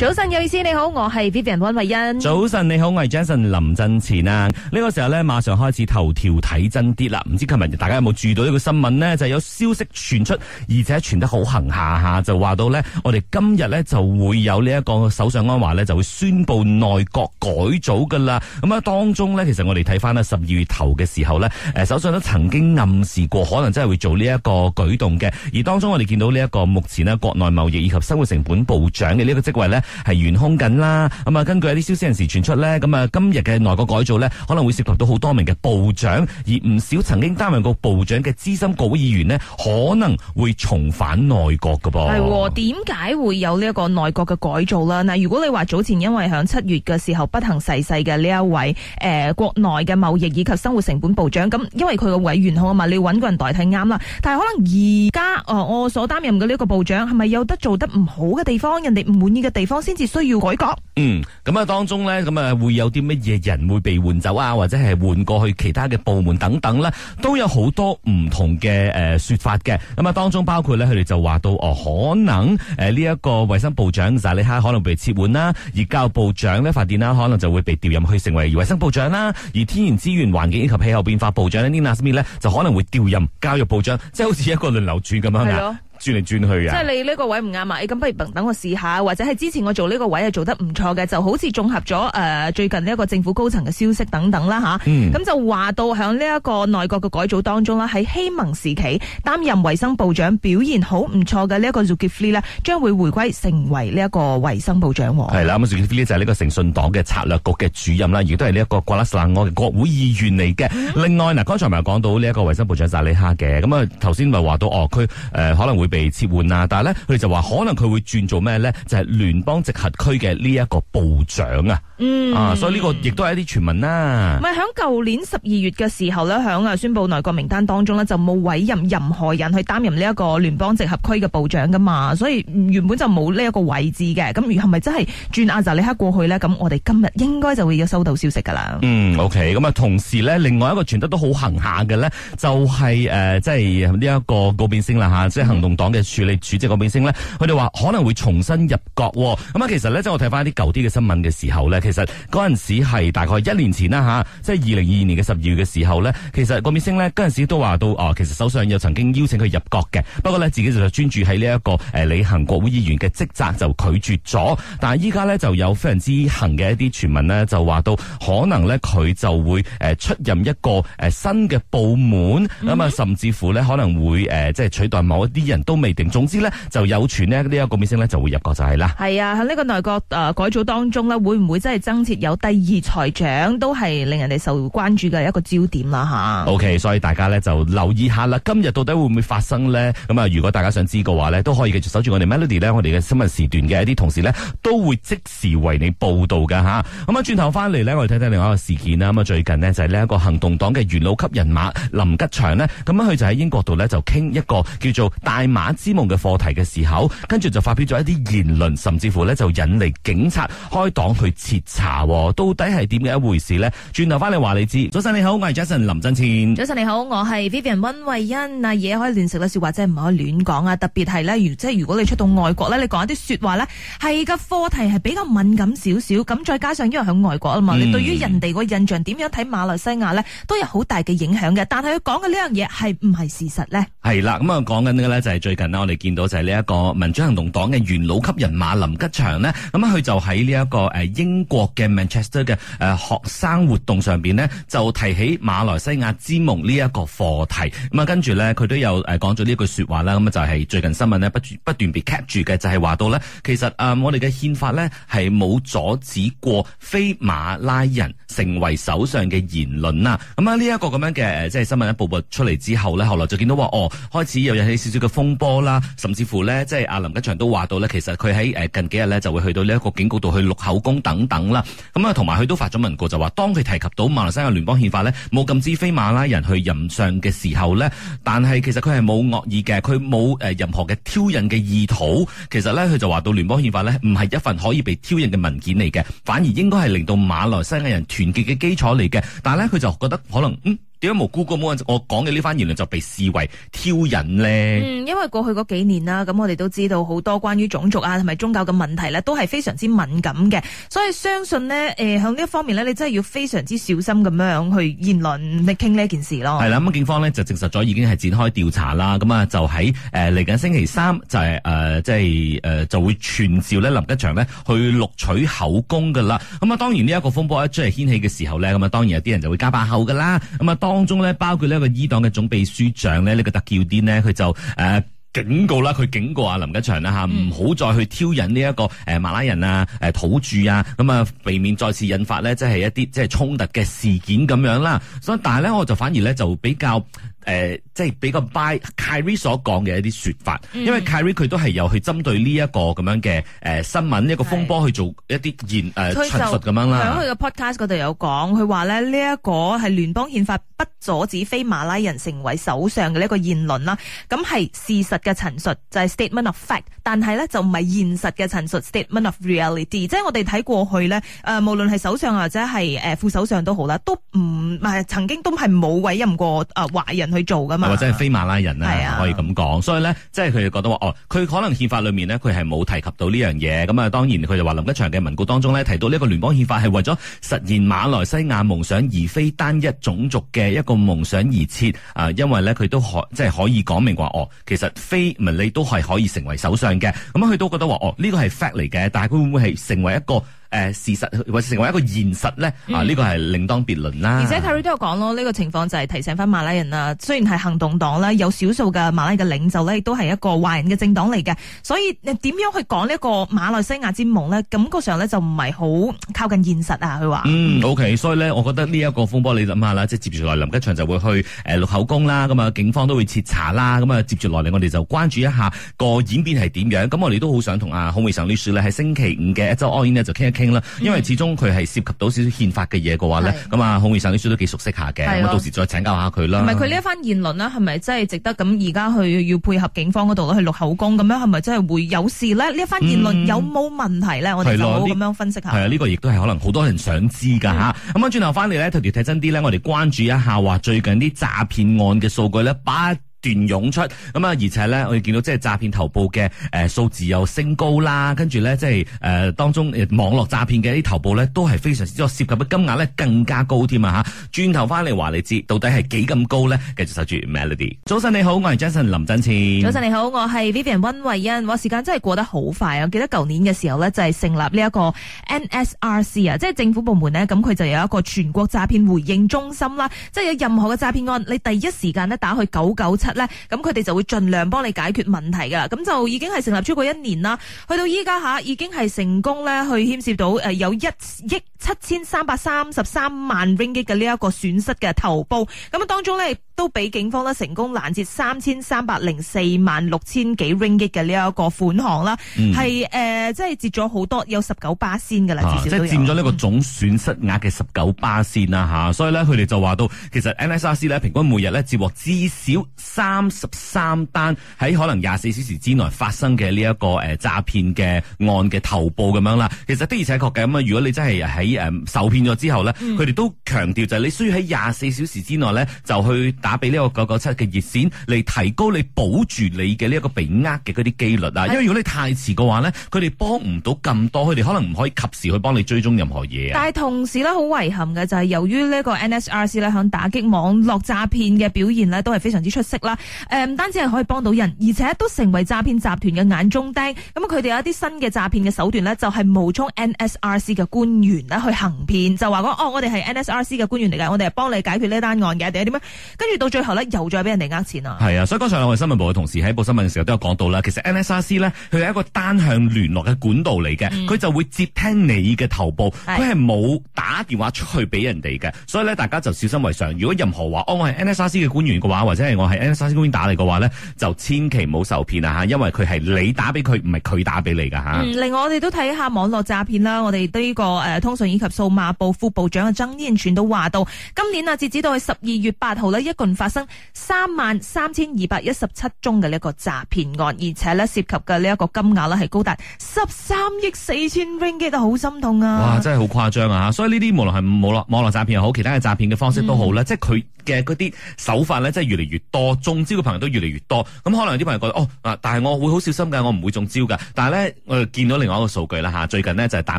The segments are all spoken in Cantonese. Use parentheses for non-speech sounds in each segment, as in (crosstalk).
早晨，有意你好，我係 Vivian 溫慧欣。早晨你好，我係 Jason 林振前啊！呢、這個時候呢，馬上開始頭條睇真啲啦。唔知琴日大家有冇注意到一個新聞呢？就是、有消息傳出，而且傳得好行下下，就話到呢，我哋今日呢就會有呢一個首相安華呢，就會宣布內閣改組噶啦。咁啊，當中呢，其實我哋睇翻咧十二月頭嘅時候呢，誒，首相都曾經暗示過，可能真係會做呢一個舉動嘅。而當中我哋見到呢一個目前呢國內貿易以及生活成本部長嘅呢個職位呢。係懸空緊啦，咁啊，根據一啲消息人士傳出呢，咁啊，今日嘅內閣改造呢，可能會涉及到好多名嘅部長，而唔少曾經擔任過部長嘅資深國會議員呢，可能會重返內閣噶噃。係，點解會有呢一個內閣嘅改造啦？嗱，如果你話早前因為響七月嘅時候不幸逝世嘅呢一位誒、呃、國內嘅貿易以及生活成本部長，咁因為佢個位懸空啊嘛，你要搵個人代替啱啦。但係可能而家誒我所擔任嘅呢個部長係咪有得做得唔好嘅地方，人哋唔滿意嘅地方？先至需要改革。嗯，咁啊，當中咧，咁啊，會有啲乜嘢人會被換走啊，或者係換過去其他嘅部門等等啦、啊，都有好多唔同嘅誒、呃、說法嘅。咁啊，當中包括咧，佢哋就話到哦、呃，可能誒呢一個衛生部長薩里哈可能被撤換啦、啊，而教育部長咧，范電啦、啊，可能就會被調任去成為衛生部長啦、啊，而天然資源、環境以及氣候變化部長呢，尼 i 咧就可能會調任教育部長，即、就、係、是、好似一個輪流轉咁樣、啊轉嚟轉去啊！即係你呢個位唔啱啊！咁、哎、不如等等我試下，或者係之前我做呢個位啊做得唔錯嘅，就好似綜合咗誒、呃、最近呢一個政府高層嘅消息等等啦吓。咁、嗯啊、就話到響呢一個內閣嘅改組當中啦，喺希盟時期擔任衛生部長表現好唔錯嘅呢一個 Dzulkefly 咧，將會回歸成為呢一個衛生部長喎。係啦，咁 Dzulkefly 咧就係呢個誠信黨嘅策略局嘅主任啦，亦都係呢一個 Kuala Selangor 嘅國會議員嚟嘅。嗯、另外嗱，剛才咪講到呢一個衛生部長薩里哈嘅，咁啊頭先咪話到哦，佢誒、呃、可能會。被撤換啊！但係咧，佢哋就話可能佢會轉做咩咧？就係、是、聯邦直轄區嘅呢一個部長啊！嗯啊，所以呢個亦都係一啲傳聞啦、啊。唔係喺舊年十二月嘅時候咧，喺啊宣佈內閣名單當中呢，就冇委任任何人去擔任呢一個聯邦直轄區嘅部長噶嘛，所以原本就冇呢一個位置嘅。咁如係咪真係轉阿扎里克過去咧？咁我哋今日應該就會要收到消息噶啦。嗯，OK。咁啊，同時咧，另外一個傳得都好行下嘅咧，就係、是、誒、呃，即係呢一個個變星啦嚇，即係行動黨嘅處理主席郭明星呢，佢哋話可能會重新入閣。咁啊，其實呢，即係我睇翻啲舊啲嘅新聞嘅時候呢，其實嗰陣時係大概一年前啦吓，即係二零二二年嘅十二月嘅時候呢，其實郭明星呢，嗰陣時都話到啊。其實首相又曾經邀請佢入閣嘅，不過呢，自己就專注喺呢一個誒履行國會議員嘅職責就拒絕咗。但係依家呢，就有非常之行嘅一啲傳聞呢，就話到可能呢，佢就會誒出任一個誒新嘅部門，咁啊、嗯、甚至乎呢，可能會誒即係取代某一啲人。都未定，總之咧就有傳咧呢一個明星咧就會入國就係啦。係啊，喺呢個內閣誒改組當中呢，會唔會真係增設有第二財長，都係令人哋受關注嘅一個焦點啦吓。OK，所以大家咧就留意下啦，今日到底會唔會發生呢？咁啊，如果大家想知嘅話呢，都可以繼續守住我哋 Melody 咧，我哋嘅新聞時段嘅一啲同事呢，都會即時為你報道㗎吓。咁啊，轉頭翻嚟呢，我哋睇睇另外一個事件啦。咁啊，最近呢，就係呢一個行動黨嘅元老級人馬林吉祥呢，咁樣佢就喺英國度呢，就傾一個叫做大馬之夢嘅課題嘅時候，跟住就發表咗一啲言論，甚至乎呢就引嚟警察開檔去徹查，到底係點嘅一回事呢？轉頭翻嚟話你知，早晨你好，我係 Jason 林振前。早晨你好，我係 Vivian 溫慧欣。啊嘢可以亂食啦，說話者唔、即係、可以亂講啊，特別係咧，即係如果你出到外國呢，你講一啲說話呢，係個課題係比較敏感少少。咁再加上因為喺外國啊嘛，嗯、你對於人哋個印象點樣睇馬來西亞呢，都有好大嘅影響嘅。但係佢講嘅呢樣嘢係唔係事實呢？係啦，咁啊講緊嘅呢就係。最近啦，我哋見到就係呢一個民主行動黨嘅元老級人馬林吉祥呢，咁啊，佢就喺呢一個誒英國嘅 Manchester 嘅誒學生活動上邊呢，就提起馬來西亞之夢呢一個課題。咁、嗯、啊跟住呢，佢都有誒講咗呢句説話啦。咁、嗯、啊就係、是、最近新聞呢，不不不斷被 cap 住嘅就係、是、話到呢，其實誒、嗯、我哋嘅憲法呢，係冇阻止過非馬拉人成為首相嘅言論啊。咁啊呢一個咁樣嘅即係新聞一步步出嚟之後呢，後來就見到話，哦，開始又引起少少嘅風波啦，甚至乎呢，即係阿林吉祥都話到呢，其實佢喺誒近幾日呢就會去到呢一個警局度去錄口供等等啦。咁啊，同埋佢都發咗文告，就話當佢提及到馬來西亞聯邦憲法呢，冇禁止非馬拉人去任相嘅時候呢，但係其實佢係冇惡意嘅，佢冇誒任何嘅挑釁嘅意圖。其實呢，佢就話到聯邦憲法呢唔係一份可以被挑釁嘅文件嚟嘅，反而應該係令到馬來西亞人團結嘅基礎嚟嘅。但係呢，佢就覺得可能嗯。點解無辜咁我我講嘅呢番言論就被視為挑釁呢？嗯，因為過去嗰幾年啦，咁我哋都知道好多關於種族啊同埋宗教嘅問題呢，都係非常之敏感嘅，所以相信呢，誒，喺呢一方面呢，你真係要非常之小心咁樣去言論去傾呢件事咯。係啦，咁警方呢就證實咗已經係展開調查啦，咁啊，就喺誒嚟緊星期三就係誒，即係誒，就會傳召呢林吉祥呢去錄取口供噶啦。咁啊，當然呢一個風波一出嚟掀起嘅時候呢，咁啊，當然有啲人就會加把口噶啦。咁啊，當當中咧，包括呢個伊黨嘅總秘書長咧，呢、這個特叫啲咧，佢就誒、呃、警告啦，佢警告啊林吉祥啦吓，唔好、嗯、再去挑釁呢一個誒馬拉人啊，誒土著啊，咁啊避免再次引發咧，即係一啲即係衝突嘅事件咁樣啦。所以但係咧，我就反而咧就比較。誒、呃，即係比較 By Kyrie 所講嘅一啲說法，嗯、因為 Kyrie 佢都係有去針對呢一個咁樣嘅誒、呃、新聞一、這個風波去做一啲言陳述咁樣啦。喺佢是、呃 Pod 這個 Podcast 嗰度有講，佢話咧呢一個係聯邦憲法不阻止非馬拉人成為首相嘅呢一個言論啦。咁係事實嘅陳述，就係、是、statement of fact，但係咧就唔係現實嘅陳述，statement of reality。即係我哋睇過去咧，誒、呃、無論係首相或者係誒副首相都好啦，都唔係、呃、曾經都係冇委任過誒華、呃、人。去做㗎嘛，或者係非馬來人咧、啊，啊、可以咁講。所以咧，即係佢就覺得話，哦，佢可能憲法裏面咧，佢係冇提及到呢樣嘢。咁啊，當然佢就話林吉祥嘅文告當中咧，提到呢一個聯邦憲法係為咗實現馬來西亞夢想，而非單一種族嘅一個夢想而設。啊、呃，因為咧，佢都可即係可以講明話，哦，其實非文理都係可以成為首相嘅。咁、嗯、佢都覺得話，哦，呢、呢個係 fact 嚟嘅，但係佢會唔會係成為一個誒、呃，事實或者成為一個現實咧，嗯、啊，呢個係另當別論啦。而且 Terry 都有講咯，呢、這個情況就係提醒翻馬來人啦。雖然係行動黨啦，有少數嘅馬來嘅領袖呢，亦都係一個壞人嘅政黨嚟嘅。所以，點樣去講呢個馬來西亞之夢呢？感覺上呢，就唔係好靠近現實啊。佢話嗯，OK，所以呢，我覺得呢一個風波，你諗下啦，即係接住來林吉祥就會去誒錄口供啦，咁啊，警方都會徹查啦，咁啊，接住落嚟，我哋就關注一下個演變係點樣。咁我哋都好想同阿孔維常呢說呢，喺星期五嘅一周就傾一。啦，因為始終佢係涉及到少少憲法嘅嘢嘅話咧，咁啊的，孔先生啲書都幾熟悉下嘅，我的到時再請教一下佢啦。唔係佢呢一番言論呢，係咪真係值得咁而家去要配合警方嗰度去錄口供？咁樣係咪真係會有事咧？呢、嗯、一番言論有冇問題咧？我哋就好咁樣分析一下。係啊，呢、這個亦都係可能好多人想知噶吓咁的的啊，轉頭翻嚟咧，頭條睇真啲咧，我哋關注一下話最近啲詐騙案嘅數據咧，把段湧出，咁啊，而且咧，我哋見到即係詐騙頭部嘅誒數字又升高啦，跟住咧即係誒、呃、當中網絡詐騙嘅啲頭部咧都係非常之多，涉及嘅金額咧更加高添啊！吓！轉頭翻嚟話你知，到底係幾咁高咧？繼續守住 Melody，早晨你好，我係 Jason 林振前。早晨你好，我係 Vivian 溫慧欣。哇，時間真係過得好快啊！我記得舊年嘅時候咧，就係成立呢一個 NSRC 啊，即係政府部門咧，咁佢就有一個全國詐騙回應中心啦，即係有任何嘅詐騙案，你第一時間咧打去九九七。咧，咁佢哋就會盡量幫你解決問題噶，咁就已經係成立超過一年啦。去到依家吓，已經係成功咧去牽涉到誒有一億七千三百三十三萬 ringgit 嘅呢一個損失嘅頭部。咁當中咧。都俾警方咧成功攔截三千三百零四萬六千幾 ringgit 嘅呢一個款項啦，係誒即係截咗好多有十九巴仙噶啦，即係佔咗呢個總損失額嘅十九巴仙啦吓，所以咧佢哋就話到，其實 NSRC 咧平均每日咧截獲至少三十三單喺可能廿四小時之內發生嘅呢一個誒詐騙嘅案嘅頭部咁樣啦。其實的而且確嘅咁啊，如果你真係喺誒受騙咗之後咧，佢哋、嗯、都強調就係你需要喺廿四小時之內咧就去打俾呢個九九七嘅熱線，嚟提高你保住你嘅呢一個被呃嘅嗰啲機率啊。因為如果你太遲嘅話呢，佢哋幫唔到咁多，佢哋可能唔可以及時去幫你追蹤任何嘢。但係同時咧，好遺憾嘅就係由於呢個 N S R C 咧響打擊網絡詐騙嘅表現呢，都係非常之出色啦。誒，唔單止係可以幫到人，而且都成為詐騙集團嘅眼中釘。咁佢哋有一啲新嘅詐騙嘅手段呢，就係冒充 N S R C 嘅官員咧去行騙，就話講哦，我哋係 N S R C 嘅官員嚟嘅，我哋係幫你解決呢單案嘅，定係點樣跟。跟住到最後咧，又再俾人哋呃錢啊！係啊，所以剛才兩位新聞部嘅同事喺報新聞嘅時候都有講到啦。其實 NSRC 咧，佢係一個單向聯絡嘅管道嚟嘅，佢、嗯、就會接聽你嘅投報。佢係冇打電話出去俾人哋嘅。所以咧，大家就小心為上。如果任何話，哦，我係 NSRC 嘅官員嘅話，或者係我係 NSRC 官員打嚟嘅話咧，就千祈唔好受騙啊嚇！因為佢係你打俾佢，唔係佢打俾你嘅嚇、啊嗯。另外我哋都睇下網絡詐騙啦。我哋呢、這個誒、啊、通訊以及數碼部副部長嘅曾天全都話到，今年啊，截止到十二月八號呢，一發生三萬三千二百一十七宗嘅，呢一個詐騙案，而且咧涉及嘅呢一個金額咧係高達十三億四千 Ringgit，好心痛啊！哇，真係好誇張啊！吓，所以呢啲無論係網絡網絡詐騙又好，其他嘅詐騙嘅方式都好咧，嗯、即係佢。嘅嗰啲手法咧，真係越嚟越多，中招嘅朋友都越嚟越多。咁可能有啲朋友覺得哦，但係我會好小心噶，我唔會中招噶但係咧，誒，我就見到另外一個數據啦吓、啊，最近咧就係、是、大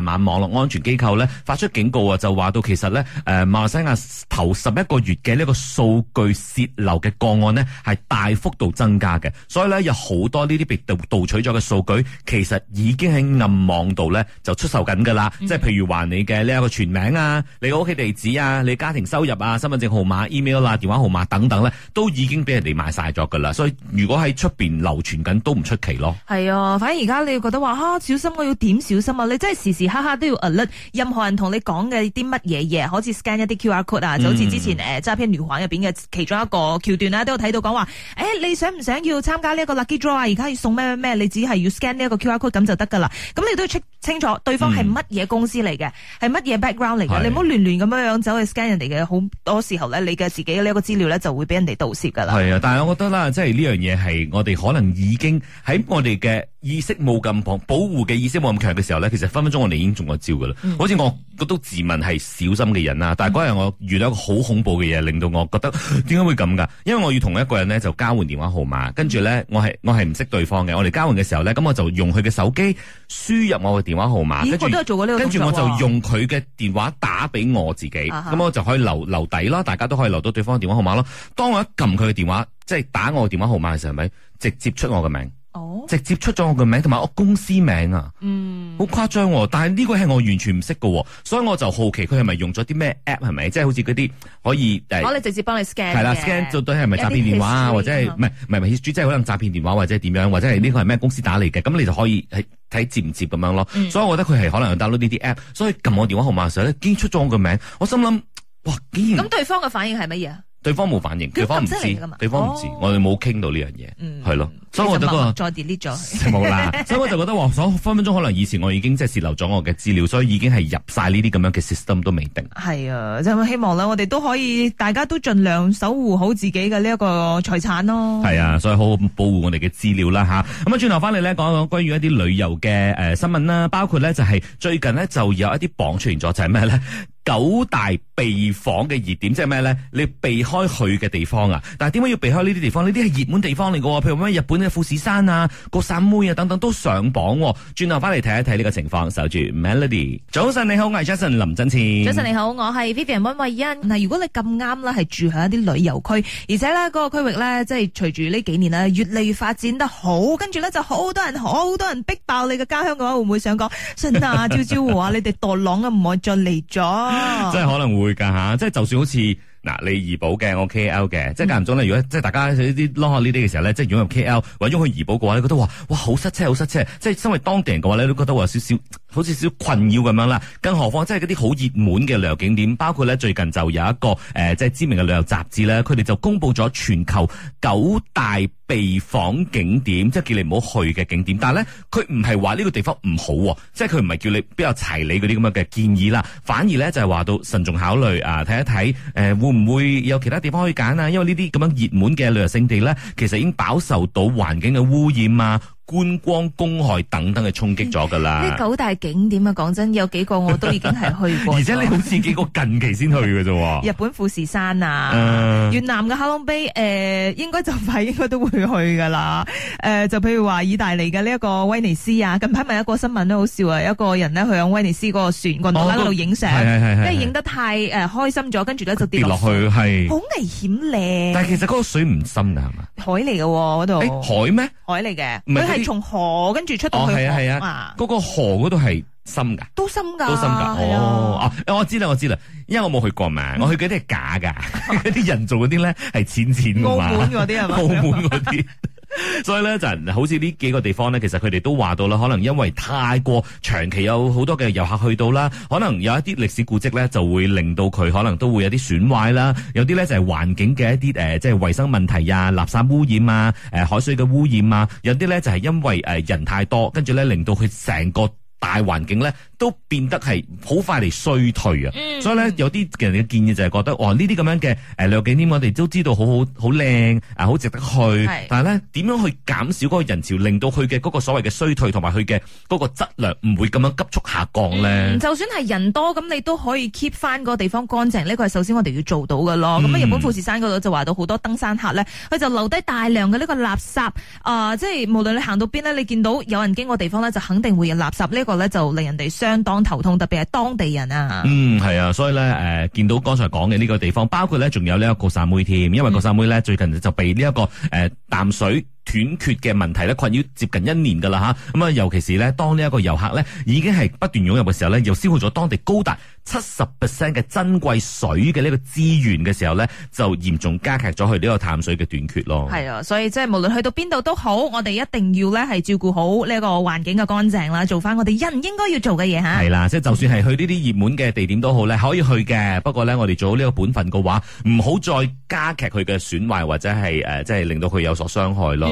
馬網絡安全機構咧發出警告啊，就話到其實咧，誒、呃，馬來西亞頭十一個月嘅呢個數據洩漏嘅個案咧係大幅度增加嘅。所以咧有好多呢啲被盜取咗嘅數據，其實已經喺暗網度咧就出售緊噶啦。即係、嗯、譬如話你嘅呢一個全名啊，你屋企地址啊，你家庭收入啊，身份證號碼、email。啦，電話號碼等等咧，都已經俾人哋賣晒咗噶啦，所以如果喺出邊流傳緊都唔出奇咯。係啊，反而而家你會覺得話嚇、啊、小心，我要點小心啊！你真係時時刻刻都要 alert 任何人同你講嘅啲乜嘢嘢，好似 scan 一啲 QR code 啊，就好似之前誒《揸片、嗯呃、女環》入邊嘅其中一個橋段啦，都有睇到講話，誒、欸、你想唔想要參加呢一個 lucky draw？啊？而家要送咩咩咩，你只係要 scan 呢一個 QR code 咁就得噶啦。咁你都要 check 清楚對方係乜嘢公司嚟嘅，係乜嘢 background 嚟嘅，你唔好亂亂咁樣樣走去 scan 人哋嘅。好多時候咧，你嘅自己呢個資料咧，就會俾人哋盜竊噶啦。係啊，但係我覺得啦，即係呢樣嘢，係我哋可能已經喺我哋嘅。意識冇咁保保護嘅意識冇咁強嘅時候咧，其實分分鐘我哋已經中咗招噶啦。嗯、好似我我都自問係小心嘅人啦，但係嗰日我遇到一個好恐怖嘅嘢，令到我覺得點解會咁噶？因為我要同一個人咧就交換電話號碼，跟住咧我係我係唔識對方嘅。我哋交換嘅時候咧，咁我就用佢嘅手機輸入我嘅電話號碼，跟住我就用佢嘅電話打俾我自己，咁、啊、哈我就可以留留底啦。大家都可以留到對方電話號碼咯。當我一撳佢嘅電話，即、就、係、是、打我嘅電話號碼嘅時候，係咪直接出我嘅名？哦，直接出咗我個名同埋我公司名啊，嗯，好誇張，但係呢個係我完全唔識喎，所以我就好奇佢係咪用咗啲咩 app 係咪，即係好似嗰啲可以誒，我哋、哦、直接幫你 sc 了的 scan 係啦，scan 做對係咪詐騙電話啊，或者係唔係唔係即係可能詐騙電話或者點樣，或者係呢個係咩公司打嚟嘅，咁、嗯、你就可以係睇接唔接咁樣咯。嗯、所以我覺得佢係可能 download 呢啲 app，所以撳我電話號碼上，咧，已經出咗我個名，我心諗哇，竟然咁對方嘅反應係乜嘢？對方冇反應，麼麼對方唔知，哦、對方唔知，我哋冇傾到呢樣嘢，係咯，所以我就覺得默默再 delete 咗，冇啦， (laughs) 所以我就覺得話，所分分鐘可能以前我已經即係泄露咗我嘅資料，所以已經係入晒呢啲咁樣嘅 system 都未定。係啊，就希望啦，我哋都可以，大家都盡量守護好自己嘅呢一個財產咯。係啊，所以好好保護我哋嘅資料啦吓。咁啊，轉頭翻嚟咧，講一講關於一啲旅遊嘅誒、呃、新聞啦，包括咧就係、是、最近呢，就有一啲榜出現咗，就係咩咧？九大避訪嘅熱點，即係咩咧？你避開去嘅地方啊！但係點解要避開呢啲地方？呢啲係熱門地方嚟喎。譬如咩日本嘅富士山啊、高省妹啊等等都上榜啊。轉頭翻嚟睇一睇呢個情況，守住 Melody。早晨你好，我係 Jason 林振前。早晨你好，我係 Vivian 溫慧欣。嗱，如果你咁啱啦，係住喺一啲旅遊區，而且咧嗰個區域咧，即係隨住呢幾年咧越嚟越發展得好，跟住咧就好多人好多人逼爆你嘅家鄉嘅話，會唔會想講，順啊朝朝啊，你哋墮浪啊，唔好再嚟咗。即係、啊、可能會噶吓，即係就算好似嗱你怡保嘅，我 K L 嘅，嗯、即係間唔中咧，如果即係大家呢啲下呢啲嘅時候咧，即係湧用 K L，或咗去怡保嘅話你覺得話哇好塞車，好塞車，即係身為當地人嘅話咧，你都覺得話有少少。好似少少困擾咁樣啦，更何況即係嗰啲好熱門嘅旅遊景點，包括咧，最近就有一個誒，即、呃、係知名嘅旅遊雜誌咧，佢哋就公布咗全球九大避訪景點，即係叫你唔好去嘅景點。但係咧，佢唔係話呢個地方唔好，即係佢唔係叫你比較齊你嗰啲咁樣嘅建議啦，反而咧就係、是、話到慎重考慮啊，睇一睇誒、呃、會唔會有其他地方可以揀啊？因為呢啲咁樣熱門嘅旅遊勝地咧，其實已經飽受到環境嘅污染啊，觀光公害等等嘅衝擊咗噶啦，呢九大景點啊，講真，有幾個我都已經係去過， (laughs) 而且你好似幾個近期先去咋啫。日本富士山啊，呃、越南嘅哈龍碑，誒，應該就快應該都會去噶啦。誒、呃，就譬如話意大利嘅呢一個威尼斯啊，近排咪有一個新聞都好笑啊，有一個人呢去往威尼斯嗰、哦嗰個船個度喺度影相，即係影得太誒、呃、開心咗，跟住呢就跌落去，係好危險呢。但係其實嗰個水唔深噶係嘛？海嚟嘅嗰度，海咩？海嚟嘅，從河跟住出到去，係啊，係啊，嗰個河嗰度係深噶都深噶都深噶哦，啊，啊，我知道，我知道，因為我冇去過嘛，嗯、我去嗰啲係假噶嗰啲、啊、 (laughs) 人造嗰啲咧係淺淺嘅，澳門嗰啲係嘛？澳門嗰啲。 (laughs) (laughs) (laughs) 所以咧就好似呢幾個地方呢，其實佢哋都話到啦，可能因為太過長期有好多嘅遊客去到啦，可能有一啲歷史古跡呢，就會令到佢可能都會有啲損壞啦，有啲呢、呃，就係環境嘅一啲誒，即係衛生問題啊，垃圾污染啊，誒、呃，海水嘅污染啊，有啲呢，就係因為誒人太多，跟住呢，令到佢成個。大環境咧都變得係好快嚟衰退啊，嗯、所以咧有啲人嘅建議就係覺得，哦呢啲咁樣嘅誒旅遊景點我哋都知道好好好靚啊，好值得去，是但係咧點樣去減少嗰個人潮，令到佢嘅嗰個所謂嘅衰退同埋佢嘅嗰個質量唔會咁樣急速下降咧、嗯？就算係人多咁，你都可以 keep 翻嗰個地方乾淨，呢、這個係首先我哋要做到㗎咯。咁、嗯、日本富士山嗰度就話到好多登山客咧，佢就留低大量嘅呢個垃圾啊，即、呃、係、就是、無論你行到邊咧，你見到有人經過地方咧，就肯定會有垃圾呢、這個咧就令人哋相當頭痛，特別係當地人啊。嗯，係啊，所以咧，誒、呃，見到剛才講嘅呢個地方，包括咧仲有呢個郭山妹添，因為郭山妹咧最近就被呢、這、一個誒、呃、淡水。短缺嘅問題咧困擾接近一年噶啦吓，咁啊，尤其是咧當呢一個遊客咧已經係不斷湧入嘅時候咧又消耗咗當地高達七十 percent 嘅珍貴水嘅呢個資源嘅時候咧就嚴重加劇咗佢呢個淡水嘅短缺咯。係啊，所以即係無論去到邊度都好，我哋一定要咧係照顧好呢個環境嘅乾淨啦，做翻我哋人應，應該要做嘅嘢吓。係啦，即係就算係去呢啲熱門嘅地點都好咧，可以去嘅，不過咧我哋做好呢個本分嘅話，唔好再加劇佢嘅損壞或者係誒、呃，即係令到佢有所傷害咯。